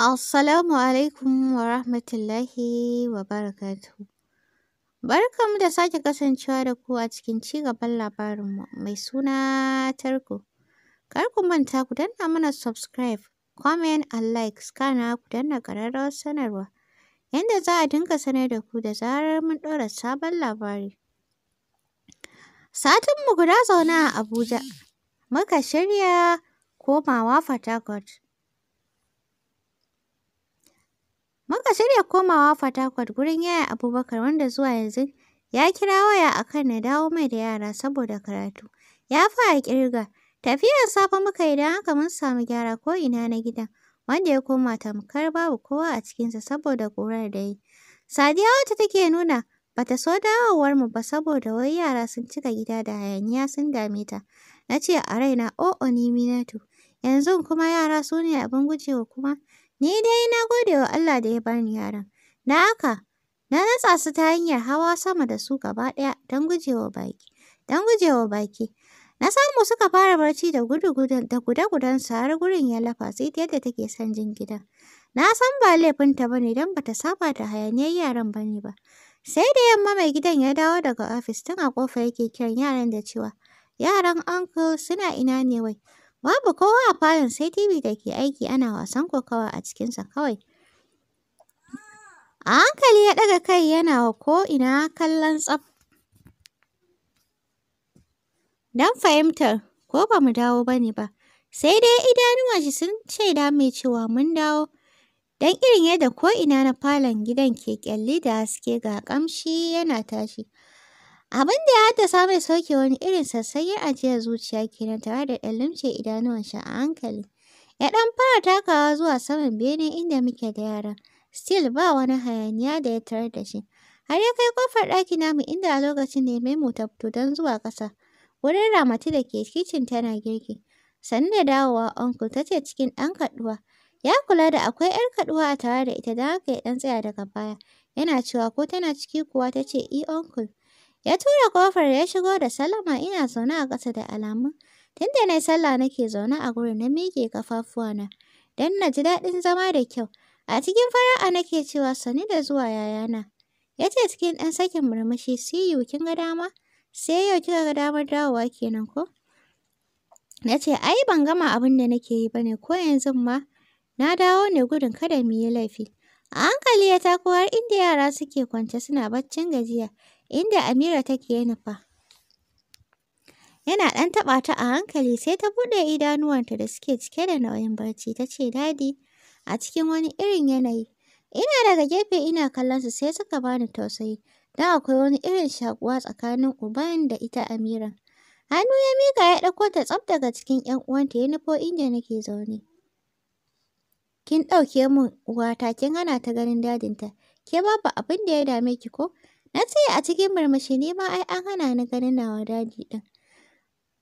Assalamu alaikum wa rahmatullahi wa barakatuhu. Barkanmu da sake kasancewa da ku a cikin ci gaban labarinmu mai suna tarko. Kar ku manta ku danna mana subscribe, comment and like, kana ku danna ƙararrawar sanarwa. Yanda za a dinga sanar da ku da zarar mun ɗora sabon labari. Satinmu guda zaune a Abuja, muka shirya komawa Fatakwat. Muka shirya komawa Fatakwat gurin Yaya Abubakar wanda zuwa yanzu ya kira waya a kan na dawo mai da yara saboda karatu. Ya fara kirga. Tafiyar safe muka yi don haka mun samu gyara ko ina na gidan wanda ya koma tamkar babu kowa a cikinsa saboda ƙurar da yi. Sadiya wacce take nuna bata so dawowar mu ba saboda wai yara sun cika gida da hayaniya sun dame ta. Na ce a raina o'o ni Minatu. Yanzu kuma yara su ne abin gujewa kuma Ni dai na gode wa Allah da ya bani yaran, Na haka na natsa su ta hanyar hawa sama da su gaba ɗaya don gujewa baki. Don gujewa baki. Na samu suka fara barci da guda su har gurin ya lafa sai yadda take son jin gidan. Na san ba laifinta ba ne don ba ta saba da hayaniyar yaran ba ne ba. Sai da yamma mai gidan ya dawo daga ofis tun a ƙofa yake kiran yaran da cewa, yaran uncle suna ina ne wai? Babu kowa a falon sai TV da ke aiki ana wasan kokawa a cikinsa kawai. A hankali ya ɗaga kai yana wa ko'ina kallon tsaf. Don fahimtar ko ba mu dawo ba ne ba, sai dai idanuwa shi sun shaida mai cewa mun dawo. Don irin yadda ko'ina na falon gidan ke ƙyalli da haske ga ƙamshi yana tashi. Abin da ya haddasa mai sauke wani irin sassayyar ajiyar zuciya kenan tare da ɗan idanuwan shi a hankali. Ya ɗan fara takawa zuwa saman bene inda muke da yara. Still ba wani hayaniya da ya tarar da shi. Har ya kai kofar ɗaki namu inda a lokacin ne Maimu ta fito don zuwa ƙasa. Wurin Ramatu da ke kicin tana girki. Sannu da dawowa uncle ta ce cikin ɗan kaɗuwa. Ya kula da akwai ‘yar kaɗuwa a tare da ita don haka ya ɗan tsaya daga baya. Yana cewa ko tana ciki kuwa ta ce e uncle. Ya tura kofar ya shigo da salama ina zaune a ƙasa da alamun. Tunda na sallah nake zaune a gurin na miƙe na don na ji daɗin zama da kyau. A cikin fara'a nake cewa sani da zuwa yayana. Ya ce cikin ɗan sakin murmushi siyu kin ga dama? Sai yau kika ga damar dawowa kenan ko? Na ce ai ban gama abin da nake yi bane ko yanzu ma na dawo ne gudun kada mu yi laifi. A hankali ya tako har inda yara suke kwance suna baccin gajiya. inda Amira take nufa. Yana ɗan taɓa ta a hankali sai ta buɗe idanuwanta da suke cike da nauyin barci ta ce dadi a cikin wani irin yanayi. Ina daga gefe ina kallon su sai suka bani tausayi don akwai wani irin shakuwa tsakanin uban da ita Amira. Hannu ya mika ya ɗauko ta tsaf daga cikin ‘yan uwanta ya nufo inda nake zaune. Kin ɗauke mun uwata kin hana ta ganin dadinta. Ke babu abin da ya dame ki ko? Na ce a cikin murmushi ne ma ai an hana ni ganin nawa daji ɗin.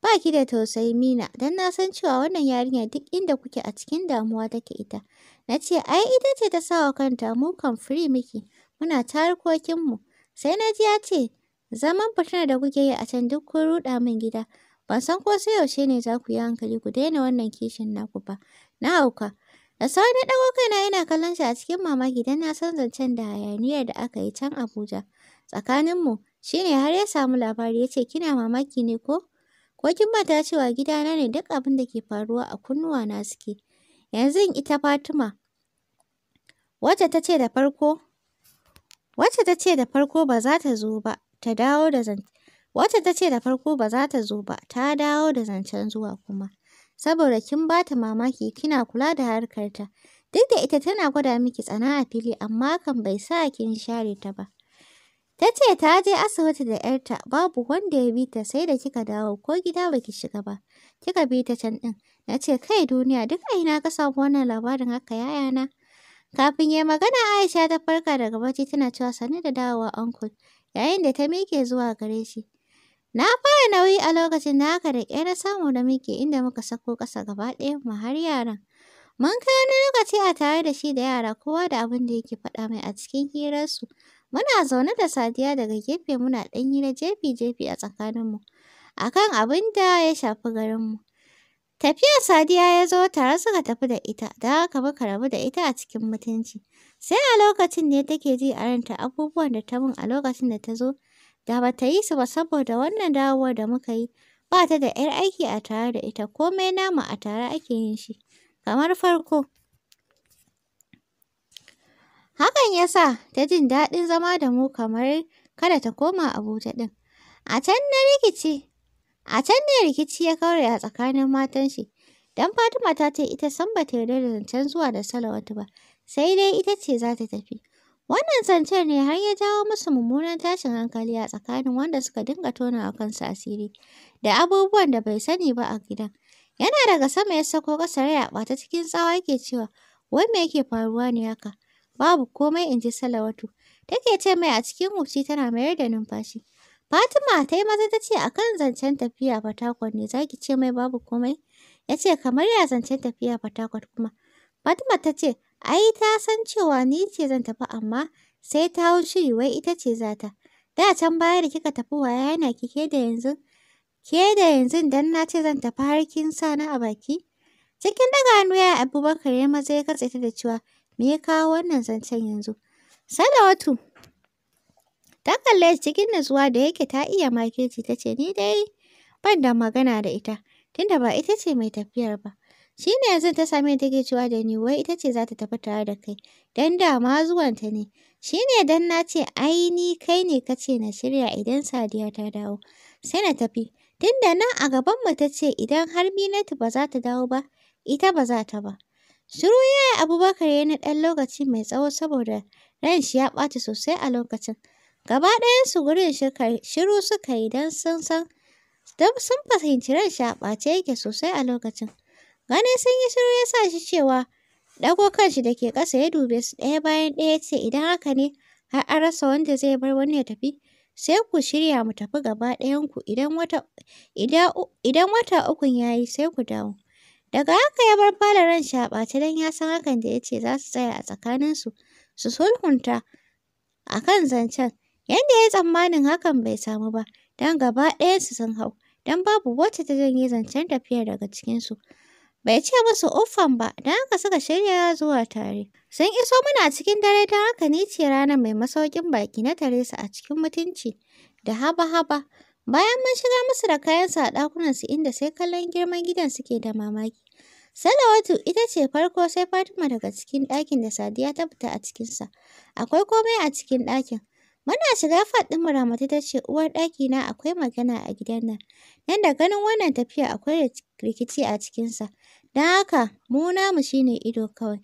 Ba ki da tausayi Mina, don na san cewa wannan yarinya duk inda kuke a cikin damuwa take ita. Na ce ai ita ce ta sawa kanta mu kan firi miki, muna tarukokinmu. mu. Sai na ji ya ce, zaman fitina da kuke yi a can duk kun ruɗa min gida. Ban san ko sai yaushe ne za ku yi hankali ku daina wannan kishin naku ba. Na hauka. Da sauran na ɗago kaina yana kallon shi a cikin mamaki don na san zancen da hayaniyar da aka yi can Abuja. tsakanin mu shine har ya samu labari yace kina mamaki ne ko? Ko kin ta cewa gidana ne duk abin da ke faruwa a kunnuwa na suke. Yanzu in ita Fatima wacce ta ce da farko wacce ta da farko ba za ta zo ba ta dawo da zan wacce ta da farko ba za ta zo ba ta dawo da zancen zuwa kuma saboda kin ba ta mamaki kina kula da harkarta duk da ita tana gwada miki tsana a fili amma kan bai sa kin share ta ba Ta ce ta je asibiti da ‘yarta, babu wanda ya bi ta sai da kika dawo ko gida baki shiga ba, kika bi ta can ɗin. Na ce kai duniya duk a ina ka samu wannan labarin haka yaya na? Kafin ya magana Aisha ta farka daga bacci tana cewa sani da dawowa uncle, yayin da ta miƙe zuwa gare shi. Na fara nauyi a lokacin da haka da ƙera samu da muke, inda muka sako ƙasa gaba ɗaya mu har yaran. Mun kai wani lokaci a tare da shi da yara kowa da abin da yake faɗa mai a cikin hirar su. Muna zaune da Sadiya daga gefe muna ɗan na jefi-jefi a tsakaninmu a kan abin da ya shafi garinmu. Tafiya Sadiya ya zo tare suka tafi da ita, da haka muka rabu da ita a cikin mutunci. Sai a lokacin ne take ji a ranta abubuwan da ta mun a lokacin da ta zo, da ba ta yi su ba saboda wannan dawowar da muka yi, ba ta da 'yar aiki a tare da ita, komai namu a tare ake yin shi, kamar farko. Hakan ya sa ta jin daɗin zama da mu kamar kada ta koma Abuja ɗin. A can na rikici, a can ne rikici ya kaure a tsakanin matan shi. Dan Fatima ta ce ita san ba ta yarda da zancen zuwa da Salawatu ba, sai dai ita ce za ta tafi. Wannan zancen ne har ya jawo musu mummunan tashin hankali a tsakanin wanda suka dinga tona a kansu asiri da abubuwan da bai sani ba a gidan. Yana daga sama ya sako kasa rai a ɓata cikin tsawa yake cewa, wai me yake faruwa ne haka? Babu komai in ji Salawatu. Take ce mai a cikin wuce tana mayar da numfashi. Fatima ta yi maza ta ce a kan zancen tafiya Fatakwal ne za ki ce mai babu komai. Ya ce kamar ya zancen tafiya Fatakwal kuma. Fatima ta ce ai ta san cewa ni ce zan tafi amma sai ta hau shiri wai ita ce za ta. Da can baya da kika tafi waya yana kike da yanzu. Ke da yanzu dan na ce zan tafi har kin sa na a baki. Cikin daga hannu ya Abubakar ya maza ya katse ta da cewa Me ya kawo wannan zancen yanzu? Salawatu ta kalle shi cikin natsuwa da yake ta iya makirci ta ce ni dai ban da magana da ita tunda ba ita ce mai tafiyar ba. Shi ne yanzu ta same ke cewa da ni wai ita ce za ta tafi tare da kai don dama zuwanta ne. Shi ne don na ce ai ni kai ne ka ce na shirya idan Sadiya ta dawo. Sai na tafi. Tunda nan a gabanmu ta ce idan har Minatu ba za ta dawo ba, ita ba za ta ba. Shiru ya yi Abubakar ya yi na ɗan lokaci mai tsawo saboda ran shi ya ɓaci sosai a lokacin. Gaba su gurin shiru suka yi don sun san sun fahimci ran shi a ɓace yake sosai a lokacin. Ganin sun yi shiru ya sa shi cewa ɗago kanshi da ke ƙasa ya dube su ɗaya bayan ɗaya ya ce idan haka ne har an rasa wanda zai bar wani ya tafi. sai ku shirya mu tafi gaba ɗayanku idan wata idan wata ukun ya yi sai ku dawo Daga haka ya bar falon shi a ɓace don ya san hakan da ya ce za su tsaya a tsakaninsu su sulhunta a kan zancen. yadda ya yi tsammanin hakan bai samu ba, don gaba ɗayansu sun hau, don babu wacce ta janye zancen tafiyar daga cikinsu. Bai ce musu uffan ba, don haka suka shirya zuwa tare. Sun iso muna cikin dare don haka ni ce ranar mai masaukin baki na tare su a cikin mutunci da haba-haba. Bayan mun shiga musu da kayansu a ɗakunansu inda sai kallon girman gidan suke da mamaki. Salawatu ita ce farko sai Fatima daga cikin ɗakin da Sadiya ta fita a cikinsa. Akwai komai a cikin ɗakin. Muna shiga fat ɗin Ramatu ta ce uwar ɗakina akwai magana a gidan nan. Nan da ganin wannan tafiya akwai rikici a cikinsa. Don haka mu namu shine ido kawai.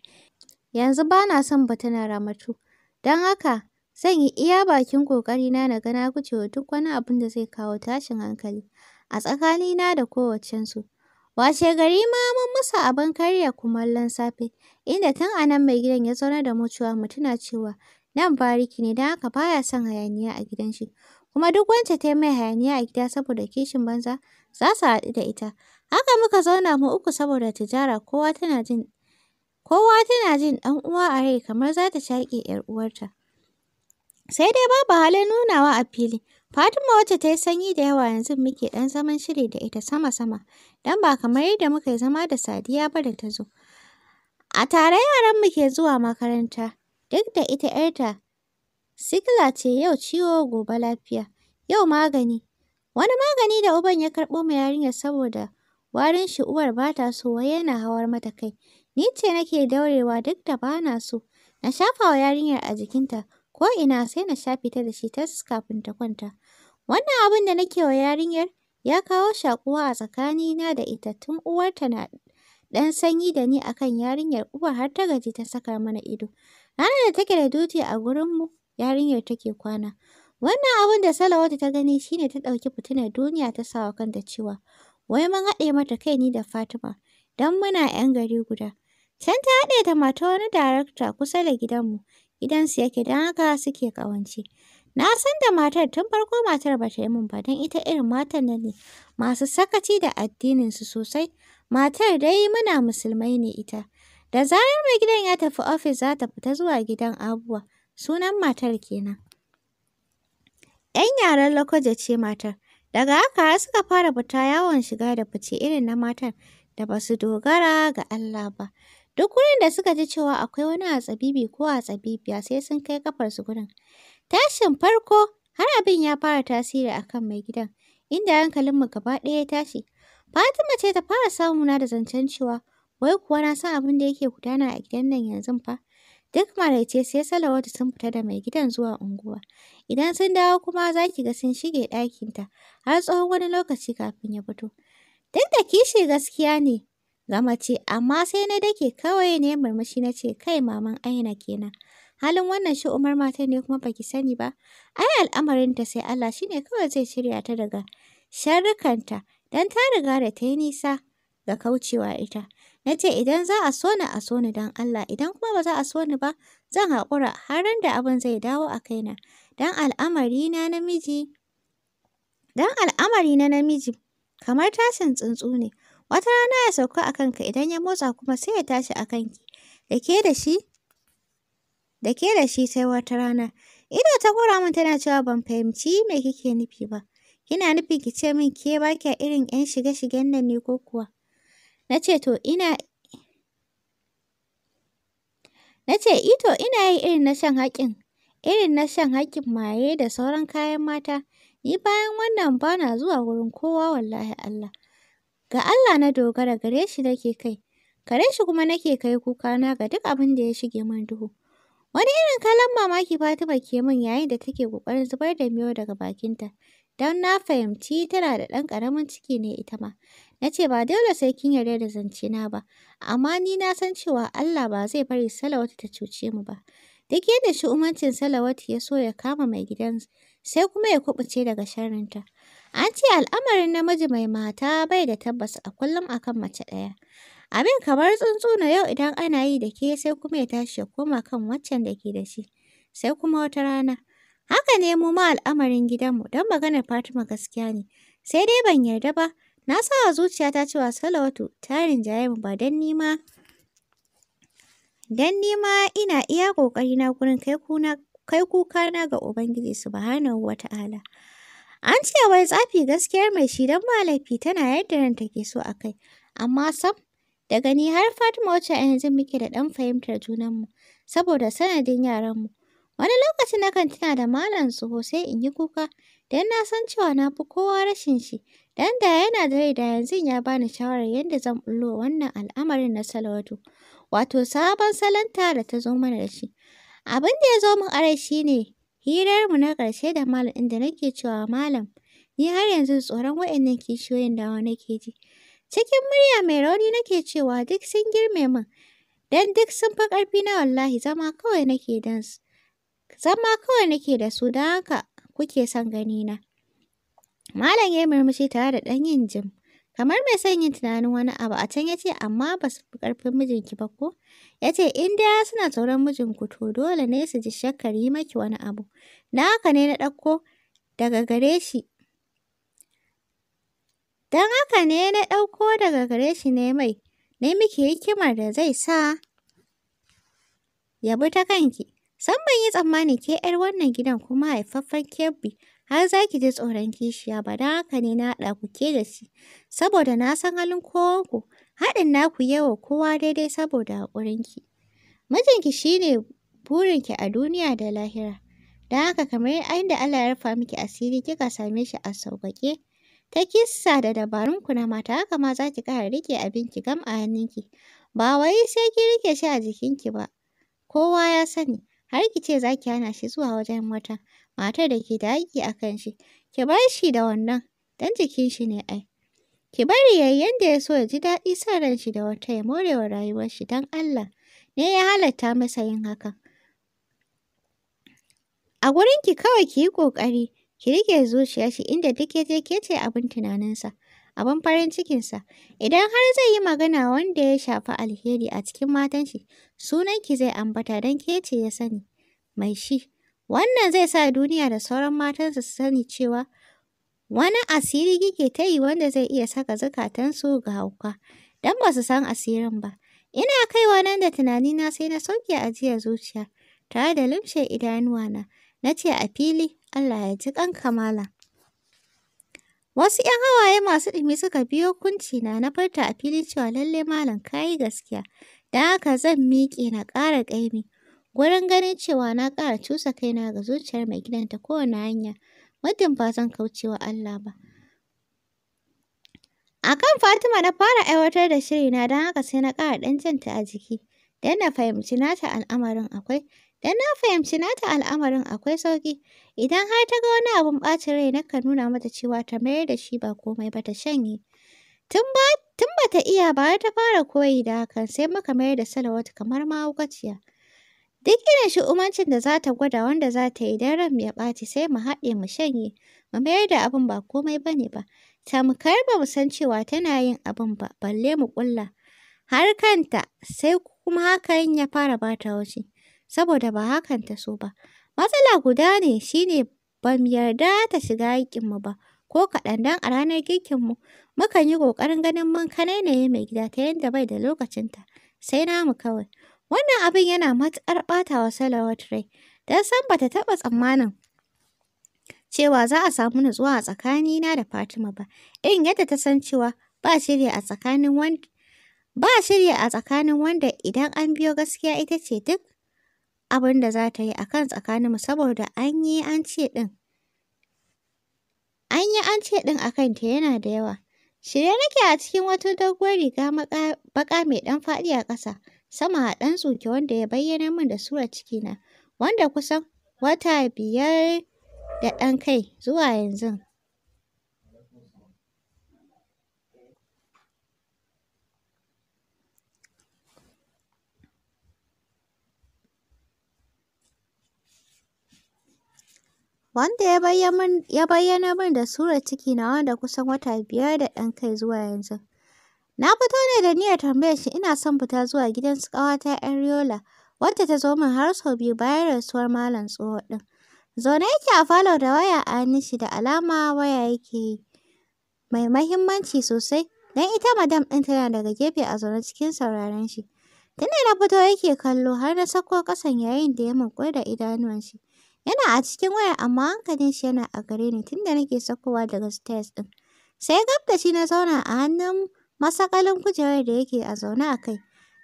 Yanzu bana na son batuna Ramatu. Don haka Zan yi iya bakin ƙoƙarina na ga na gujewa duk wani abun da zai kawo tashin hankali a tsakanina da washe gari ma mun musu abin karya kumallon safe, inda tun a nan mai gidan ya zaunar da mu cewa mu tuna cewa nan bariki ne don haka baya son hayaniya a gidan shi, kuma duk wacce ta yi mai hayaniya a gida saboda kishin banza za su haɗu da ita. Haka muka zauna mu uku saboda tijara kowa tana jin kowa tana jin ɗan uwa a rai kamar za ta shaƙe 'yar uwarta. Sai dai babu halin nunawa a fili. Fatima wacce ta yi sanyi da yawa yanzu muke ɗan zaman shiri da ita sama-sama, don ba kamar yadda muka yi zama da Sadiya ba da ta zo. A tare yaranmu ke zuwa makaranta, duk da ita ‘yarta sigila ce yau ciwo gobe lafiya, yau magani. Wani magani da uban ya karɓo ma yarinyar saboda warin shi uwar ba ta so wai yana hawar mata kai. Ni ce nake daurewa duk da ba na so, na shafa wa yarinyar a jikinta. ko'ina sai na sha ta da shi tas kafin ta kwanta. Wannan abin da nake wa yarinyar ya kawo shakuwa a tsakanina da ita tun uwarta na ɗan sanyi da ni akan yarinyar uba har ta gaji ta saka mana ido. Ranar da take da duti a gurinmu yarinyar take kwana. Wannan abin da Salawatu ta gani shine ta ɗauki fitinar duniya ta sawa kanta cewa wai mun haɗe mata kai ni da Fatima don muna 'yan gari guda. Can ta haɗe ta mata wani darakta kusa da gidanmu Idan su yake don haka suke ƙawance. Na san da matar tun farko matar ba ta yi mun ba don ita irin matan nan ne masu sakaci da addininsu sosai. Matar dai muna musulmai ne ita. Da zarar mai gidan ya tafi ofis za ta fita zuwa gidan abuwa. Sunan matar kenan. ‘Yan yaren Lokoja ce matar. Daga haka har suka fara fita yawon shiga da fice irin na matar da ba su dogara ga Allah ba. Duk wurin da suka ji cewa akwai wani a tsabibi ko a hatsabibiya sai sun kai kafarsu gurin. Tashin farko har abin ya fara tasiri a kan mai gidan, inda hankalinmu gaba ɗaya ya tashi. Fatima ce ta fara samuna da zancen cewa wai kuwa na san abin da yake gudana a gidan nan yanzu fa. Duk maraice sai Salawatu sun fita da mai gidan zuwa unguwa. Idan sun dawo kuma za ki ga sun shige ɗakinta har tsawon wani lokaci kafin ya fito. Duk da kishi gaskiya ne, ga ce amma sai na dake kawai ne murmushi na ce, kai maman aina kenan. Halin wannan shi umar mata ne kuma baki sani ba, ai al'amarinta sai Allah shi ne kawai zai shirya ta daga sharrukanta, don ta riga da ta yi nisa ga kaucewa ita. Na ce idan za a so ni a so ni don Allah, idan kuma ba za a so ni ba, zan haƙura har da abin zai dawo a kaina. Don al'amari na namiji, don al'amari na namiji kamar tashin tsuntsu ne. Wata rana ya sauka a kanka idan ya motsa kuma sai ya tashi a kanki. Da ke da shi? sai wata rana. Ina ta gora min tana cewa ban fahimci me kike nufi ba. Kina nufin ki ce min ke ba kya irin 'yan shige-shigen nan ne ko kuwa? Na ce to ina yi irin na shan haƙin irin na shan haƙƙin maye da sauran kayan mata. Ni bayan wannan ba na zuwa wurin kowa wallahi Allah. Ga Allah na dogara gare shi nake kai, gare shi kuma nake kai kukana ga duk abin da ya shige min duhu. Wani irin kalan mamaki Fatima ke min yayin da take ƙoƙarin zubar da miyo daga bakinta, don na fahimci tana da ɗan ƙaramin ciki ne ita ma. Na ce ba dole sai kin yarda da zance na ba, amma ni na san cewa Allah ba zai bari Salawatu ta cuce mu ba. Duk yadda shi umarcin Salawatu ya so ya kama mai gidan sai kuma ya kubuce daga sharrinta. An ce al'amarin namiji mai mata bai da tabbas a kullum a kan mace ɗaya. Abin kamar tsuntsu na yau idan ana yi da ke sai kuma ya tashi ya koma kan waccan da ke da shi, sai kuma wata rana. Haka ne mu ma al'amarin gidanmu don maganar Fatima gaskiya ne, sai dai ban yarda ba, na sa wa ta cewa Salawatu ta rinjaye mu ba don nima. Don nima ina iya ƙoƙarina gurin kai kuka na ga Ubangiji Subhanahu wa ta'ala. An ce wai tsafi gaskiyar mai shi don malafi tana yadda nan take so a kai, amma sam daga ni har Fatima wacce a yanzu muke da ɗan fahimtar junanmu saboda sanadin yaranmu. Wani lokaci na kan tuna da malam tsoho sai in yi kuka don na san cewa na fi kowa rashin shi. Dan da yana da rai da yanzu ya bani shawarar yadda zan bullo wannan al'amarin na Salwatu, wato sabon salanta da ta zo mana da shi. Abin da ya zo min arai shi Hirarmu na ƙarshe da Malam inda nake cewa Malam, ni har yanzu tsoron waɗannan kishiyoyin dawa nake ji. Cikin murya mai rauni nake cewa duk sun girme min, don duk sun fi ƙarfi na wallahi zama kawai nake don su. Zama kawai nake da su don haka kuke son ganina. Malam ya murmushi tare da ɗan yin jim. Kamar mai son yin tunanin wani abu a can ya ce amma ba su fi ƙarfin mijinki ba ko? Ya ce in dai suna tsoron mijinku to dole ne su ji shakkar yi maki wani abu. Na haka ne na ɗauko daga gare shi. Don haka ne na ɗauko daga gare shi ne mai, ne miki hikimar da zai sa ya bi ta kanki. San ban yi tsammani ke 'yar wannan gidan kuma haifaffen Kebbi har za ki ji tsoron kishiya ba don haka ne na haɗa ku ke da shi. Saboda na san halin kowanku, haɗin naku yawa kowa daidai saboda haƙurinki. Mijinki shi ne burinki a duniya da lahira. Da haka kamar yadda Allah ya rufa miki asiri kika same shi a sauƙaƙe. Ta kissa da dabarun ku na mata haka ma za ki ƙara riƙe abinki gam a hannunki. Ba wai sai ki riƙe shi a jikinki ba. Kowa ya sani. har ki ce za ki hana shi zuwa wajen wata matar da ke da haƙƙi a kan shi, ki bar shi da wannan, dan jikin shi ne ai. Ki bari ya yi yadda ya so ya ji daɗi sa ran shi da wata ya more wa rayuwar shi dan Allah, ne ya halatta masa yin haka A gurin ki kawai ki yi ƙoƙari, ki rike zuciya shi inda duk ya je ke ce abin tunaninsa. abin farin cikinsa. Idan har zai yi magana wanda ya shafi alheri a cikin matan shi, sunanki zai ambata don ke ce ya sani. Mai shi, wannan zai sa duniya da sauran matansa su sani cewa wani asiri kike ta yi wanda zai iya saka zukatansu ga hauka, don ba su san asirin ba. Ina kaiwa nan da tunanina sai na sauke ajiyar zuciya, tare da limshe idanuwana, na ce a fili, Allah ya ji ƙan kamala. Wasu ‘yan hawaye masu ɗumi suka biyo kunci na na furta a fili cewa lalle malam kayi gaskiya, dan haka zan miƙe na ƙara ƙaimi. Gurin ganin cewa na ƙara cusa kaina ga zuciyar mai gidan ta kowane hanya, muddin ba zan kauce wa Allah ba. A kan Fatima na fara aiwatar da shirina don haka sai na ƙara ɗan janta a jiki, Da na fahimci nata al'amarin akwai Don na fahimci nata al'amarin akwai sauƙi. Idan har ta ga wani abun ɓacin rai nakan nuna mata cewa ta mayar da shi ba komai ba ta shanye. Tun ba tun bata iya ba ta fara koyi da hakan sai muka mayar da Salawatu kamar mahaukaciya. Duk irin umarcin da za ta gwada wanda za ta yi don ran ya ɓaci sai mu haɗe mu shanye mu mayar da abin ba komai ba ne ba. Tamkar ba mu san cewa tana yin abin ba balle mu ƙulla. Har kanta sai kuma hakan ya fara bata wuce. saboda ba hakan ta so ba. Matsala guda ne shi ne ba yarda ta shiga haƙƙinmu ba ko kaɗan don a ranar girkinmu mukan yi ƙoƙarin ganin mun kanai yi mai gida ta yadda bai da lokacinta sai namu kawai. Wannan abin yana matuƙar ɓata wa Salawat rai don san ba ta taɓa tsammanin cewa za a samu nutsuwa a tsakanina da Fatima ba In yadda ta san cewa ba shirya a tsakanin wanda idan an biyo gaskiya ita ce duk abin da za ta yi a kan tsakaninmu saboda an yi an ce ɗin. An yi an ce ɗin a kanta yana da yawa. Shirya nake a cikin wata doguwar riga baƙa mai ɗan faɗi a ƙasa, sama a ɗan tsuke wanda ya bayyana min da surar cikina, wanda kusan wata biyar da ɗan kai zuwa yanzu. wanda ya bayyana min da surar na wanda kusan wata biyar da ɗan kai zuwa yanzu. Na fito ne da niyyar tambayar shi ina son fita zuwa gidan su ƙawata Ariola, wadda ta zo min har sau biyu bayan rasuwar malam tsoho ɗin. Zaune yake a falo da waya a hannun da alama waya yake yi. Mai mahimmanci sosai, don ita madam ɗin tana daga gefe a zaune cikin sauraron shi. Tunda na fito yake kallo har na sako ƙasan yayin da ya munƙur da idanuwan shi. Yana a cikin waya, amma hankalin shi yana a gare ni tunda nake sakowa daga stairs ɗin. Sai gab da na zauna a hannun masakalin kujerar da yake a zaune a kai.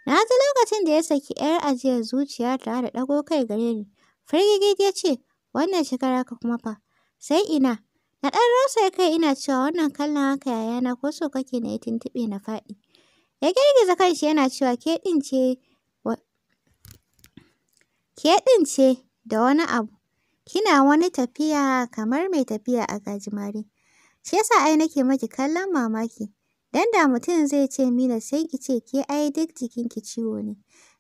Na ji lokacin da ya saki 'yar ajiyar zuciya tare da ɗago kai gare ni. Firgigit ya ce, wannan shekara ka kuma fa. Sai ina. Na ɗan rasa kai ina cewa wannan kallon haka yayana ko so kake na yi tuntuɓe na faɗi. Ya girgiza kanshi yana cewa ke ɗin ce ke ɗin ce da wani abu. kina wani tafiya kamar mai tafiya a gajimare. Shi yasa ai nake maki kallon mamaki. Dan da mutum zai ce Mina sai ki ce ke ai duk jikinki ciwo ne.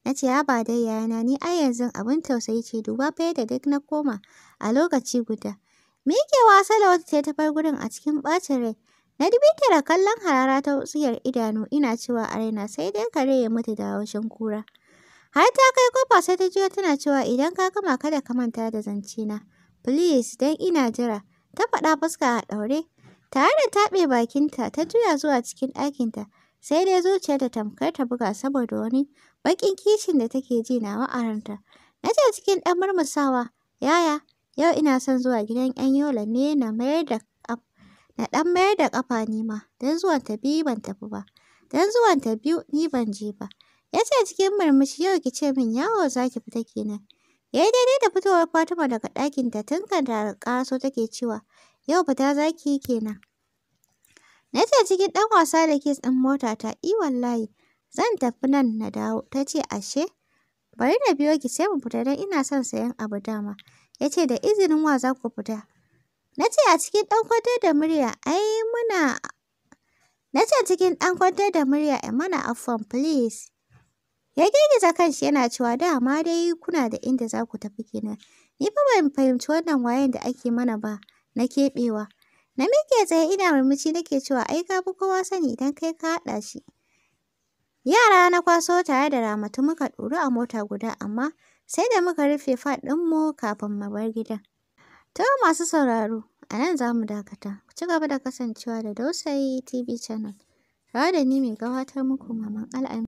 nace ce ba dai yana ni ai yanzu abin tausayi ce duba fa yadda duk na koma a lokaci guda. Miƙewa Salawatu ce ta bar gurin a cikin ɓacin rai. Na dubi da kallon harara ta wutsiyar idanu ina cewa a raina sai dai kare ya mutu da haushin kura. Har ta kai kofa sai ta jiyo tana cewa idan ka gama kada ka manta da zance na. Please dan ina jira. Ta faɗa fuska a ɗaure. Tare da taɓe bakinta ta juya zuwa cikin ɗakinta. Sai dai ta tamkar ta buga saboda wani baƙin kishin da take ji na wa'aranta Na ce cikin ɗan murmusawa. Yaya, yau ina son zuwa gidan 'yan Yola ne na mayar da na ɗan mayar da ƙafa ni ma, don zuwan ta biyu ban tafi ba, don zuwan ta biyu ni ban je ba. Ya ce cikin murmushi yau ki ce min yawo za ki fita kenan. Ya yi daidai da fitowar Fatima daga ɗakinta tun kan da ƙaso take cewa yau fita za ki yi kenan. Na ce cikin ɗan wasa da kes ɗin ta, i wallahi zan tafi nan na dawo ta ce ashe bari na biyo ki sai mu fita don ina son sayan abu dama. Ya ce da izinin wa za ku fita. Na ce a cikin ɗan kwantar da murya ai muna Na ce cikin ɗan kwantar da murya mana afwan please. Ya girgiza kanshi yana cewa dama dai kuna da inda za ku tafi kenan. Ni fa ban fahimci wannan wayan da ake mana ba na keɓewa. Na miƙe tsaye ina murmushi nake cewa ai ka fi kowa sani idan kai ka haɗa shi. Yara na kwaso tare da ramatu muka ɗoru a mota guda amma sai da muka rufe fat ɗinmu kafin mu bar gidan. To masu sauraro, a nan za mu dakata. Ku ci gaba da kasancewa da Dausayi TV Channel. tare da ni mai gabatar muku Maman al'ami